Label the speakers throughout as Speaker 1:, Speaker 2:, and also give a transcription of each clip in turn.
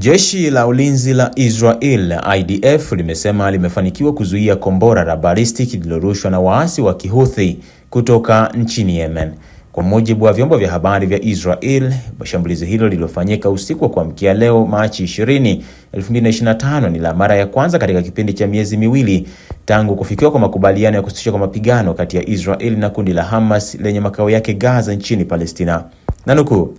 Speaker 1: Jeshi la Ulinzi la Israel IDF limesema limefanikiwa kuzuia kombora la balistiki lililorushwa na waasi wa kihuthi kutoka nchini Yemen. Kwa mujibu wa vyombo vya habari vya Israel, shambulizi hilo lililofanyika usiku wa kuamkia leo Machi 20, 2025 ni la mara ya kwanza katika kipindi cha miezi miwili tangu kufikiwa kwa makubaliano ya kusitisha kwa mapigano kati ya Israel na kundi la Hamas lenye makao yake Gaza nchini Palestina. Nanukuu,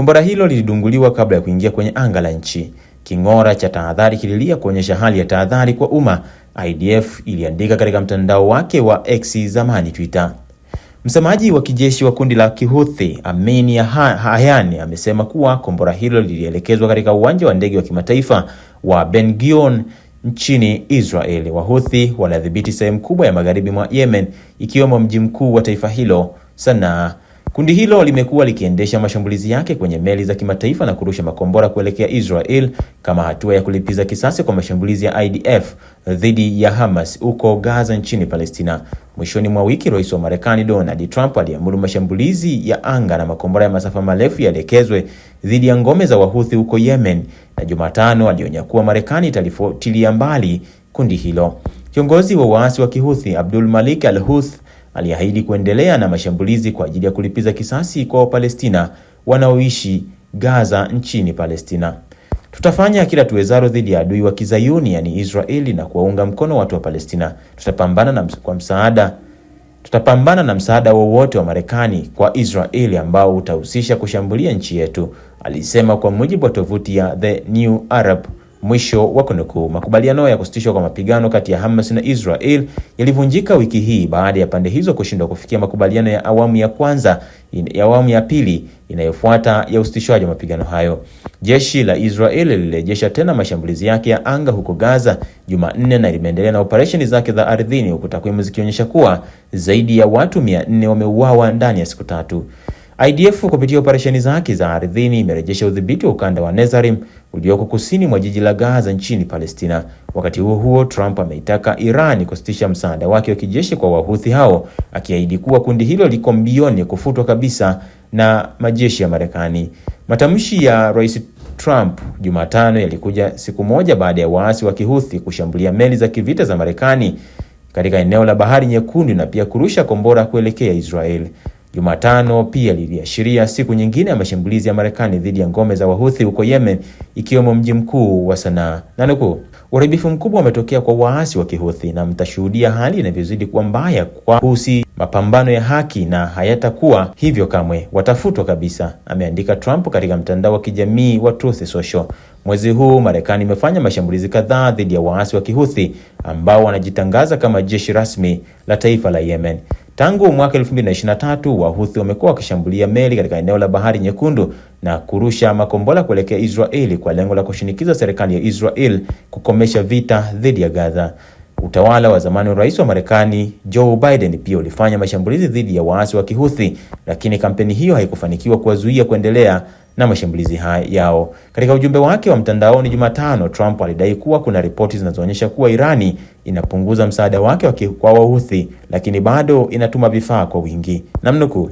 Speaker 1: Kombora hilo lilidunguliwa kabla ya kuingia kwenye anga la nchi. King'ora cha tahadhari kililia kuonyesha hali ya tahadhari kwa umma, IDF iliandika katika mtandao wake wa X zamani Twitter. Msemaji wa kijeshi wa kundi la Kihuthi Amin Hayani amesema kuwa kombora hilo lilielekezwa katika uwanja wa ndege wa kimataifa wa Ben Gurion nchini Israel. Wahuthi wanadhibiti sehemu kubwa ya magharibi mwa Yemen, ikiwemo mji mkuu wa taifa hilo Sanaa. Kundi hilo limekuwa likiendesha mashambulizi yake kwenye meli za kimataifa na kurusha makombora kuelekea Israel kama hatua ya kulipiza kisasi kwa mashambulizi ya IDF dhidi ya Hamas huko Gaza nchini Palestina. Mwishoni mwa wiki, Rais wa Marekani Donald Trump aliamuru mashambulizi ya anga na makombora ya masafa marefu yaelekezwe dhidi ya ngome za Wahuthi huko Yemen, na Jumatano alionya kuwa Marekani italifotilia mbali kundi hilo. Kiongozi wa waasi wa Kihuthi Abdul Malik al-Houthi aliahidi kuendelea na mashambulizi kwa ajili ya kulipiza kisasi kwa Wapalestina wanaoishi Gaza nchini Palestina. Tutafanya kila tuwezalo dhidi ya adui wa Kizayuni, yani Israeli, na kuwaunga mkono watu wa Palestina. Tutapambana na kwa msaada tutapambana na msaada wowote wa, wa Marekani kwa Israeli ambao utahusisha kushambulia nchi yetu, alisema kwa mujibu wa tovuti ya The New Arab Mwisho wa kunukuu. Makubaliano ya kusitishwa kwa mapigano kati ya Hamas na Israel yalivunjika wiki hii baada ya pande hizo kushindwa kufikia makubaliano ya awamu ya kwanza ya awamu ya pili inayofuata ya usitishwaji wa mapigano hayo. Jeshi la Israel lilirejesha tena mashambulizi yake ya anga huko Gaza Jumanne na limeendelea na operesheni zake za ardhini huku takwimu zikionyesha kuwa zaidi ya watu 400 wameuawa ndani ya siku tatu. IDF kupitia operesheni zake za ardhini imerejesha udhibiti wa ukanda wa Nezarim ulioko kusini mwa jiji la Gaza nchini Palestina. Wakati huo huo, Trump ameitaka Iran kusitisha msaada wake wa kijeshi kwa Wahuthi hao, akiahidi kuwa kundi hilo liko mbioni kufutwa kabisa na majeshi ya Marekani. Matamshi ya Rais Trump Jumatano yalikuja siku moja baada ya waasi wa Kihuthi kushambulia meli za kivita za Marekani katika eneo la Bahari Nyekundu na pia kurusha kombora kuelekea Israeli. Jumatano pia liliashiria siku nyingine ya mashambulizi ya Marekani dhidi ya ngome za Wahuthi huko Yemen, ikiwemo mji mkuu wa Sanaa. Nanukuu, uharibifu mkubwa umetokea kwa waasi wa Kihuthi na mtashuhudia hali inavyozidi kuwa mbaya kwa Husi, mapambano ya haki na hayatakuwa hivyo kamwe, watafutwa kabisa, ameandika Trump katika mtandao wa kijamii wa Truth Social. Mwezi huu Marekani imefanya mashambulizi kadhaa dhidi ya waasi wa Kihuthi ambao wanajitangaza kama jeshi rasmi la taifa la Yemen. Tangu mwaka 2023 Wahuthi wamekuwa wakishambulia meli katika eneo la Bahari Nyekundu na kurusha makombora kuelekea Israeli kwa lengo la kushinikiza serikali ya Israel kukomesha vita dhidi ya Gaza. Utawala wa zamani wa Rais wa Marekani Joe Biden pia ulifanya mashambulizi dhidi ya waasi wa Kihuthi, lakini kampeni hiyo haikufanikiwa kuwazuia kuendelea na mashambulizi yao. Katika ujumbe wake wa mtandaoni Jumatano, Trump alidai kuwa kuna ripoti zinazoonyesha kuwa Irani inapunguza msaada wake kwa Wahouthi, lakini bado inatuma vifaa kwa wingi. Namnukuu,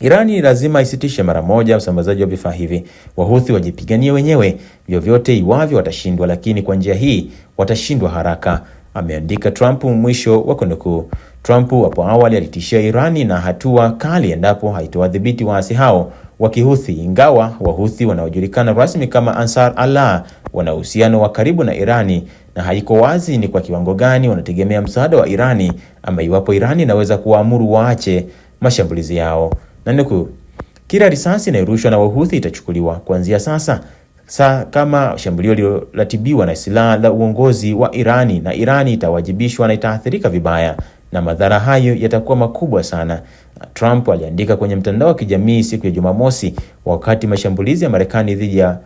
Speaker 1: Irani lazima isitishe mara moja usambazaji wa vifaa hivi. Wahuthi wajipiganie wenyewe vyovyote iwavyo, watashindwa, lakini kwa njia hii watashindwa haraka, ameandika Trump, mwisho wa kunukuu. Trump hapo awali alitishia Irani na hatua kali endapo haitowadhibiti waasi hao wa Kihuthi, ingawa Wahuthi wanaojulikana rasmi kama Ansar Allah wana uhusiano wa karibu na Irani na haiko wazi ni kwa kiwango gani wanategemea msaada wa Irani ama iwapo Irani inaweza kuwaamuru waache mashambulizi yao. Na nukuu, kila risasi inayorushwa na Wahuthi itachukuliwa kuanzia sasa sa kama shambulio lililoratibiwa na silaha la uongozi wa Irani, na Irani itawajibishwa na itaathirika vibaya, na madhara hayo yatakuwa makubwa sana. Trump aliandika kwenye mtandao wa kijamii siku ya Jumamosi wakati mashambulizi ya Marekani dhidi ya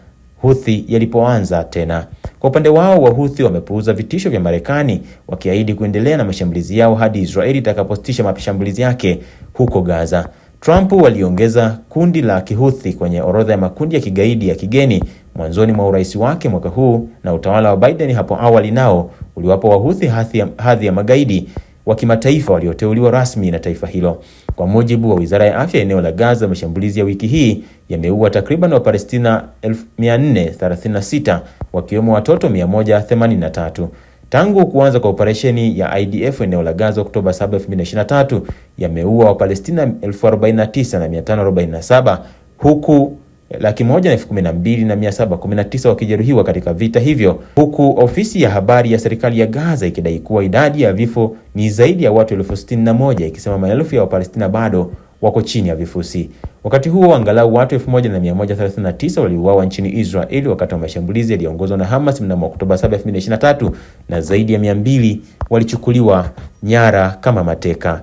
Speaker 1: Houthi yalipoanza tena. Kwa upande wao, Wahouthi wamepuuza vitisho vya Marekani wakiahidi kuendelea na mashambulizi yao hadi Israeli itakapositisha mashambulizi yake huko Gaza. Trump waliongeza kundi la Kihouthi kwenye orodha ya makundi ya kigaidi ya kigeni mwanzoni mwa urais wake mwaka huu, na utawala wa Biden hapo awali nao uliwapa Wahouthi hadhi ya magaidi wa kimataifa walioteuliwa rasmi na taifa hilo. Kwa mujibu wa Wizara ya Afya eneo la Gaza, mashambulizi ya wiki hii yameua takriban Wapalestina 436 wakiwemo watoto 183. Tangu kuanza kwa operesheni ya IDF eneo la Gaza Oktoba 7, 2023, yameua Wapalestina 49,547 huku laki moja na elfu kumi na mbili na mia saba kumi na tisa wakijeruhiwa katika vita hivyo, huku ofisi ya habari ya serikali ya Gaza ikidai kuwa idadi ya vifo ni zaidi ya watu elfu sitini na moja ikisema maelfu ya Wapalestina bado wako chini ya vifusi. Wakati huo angalau watu 1139 waliuawa nchini Israeli wakati wa mashambulizi yaliyoongozwa na Hamas mnamo Oktoba 7, 2023 na zaidi ya 200 walichukuliwa nyara kama mateka.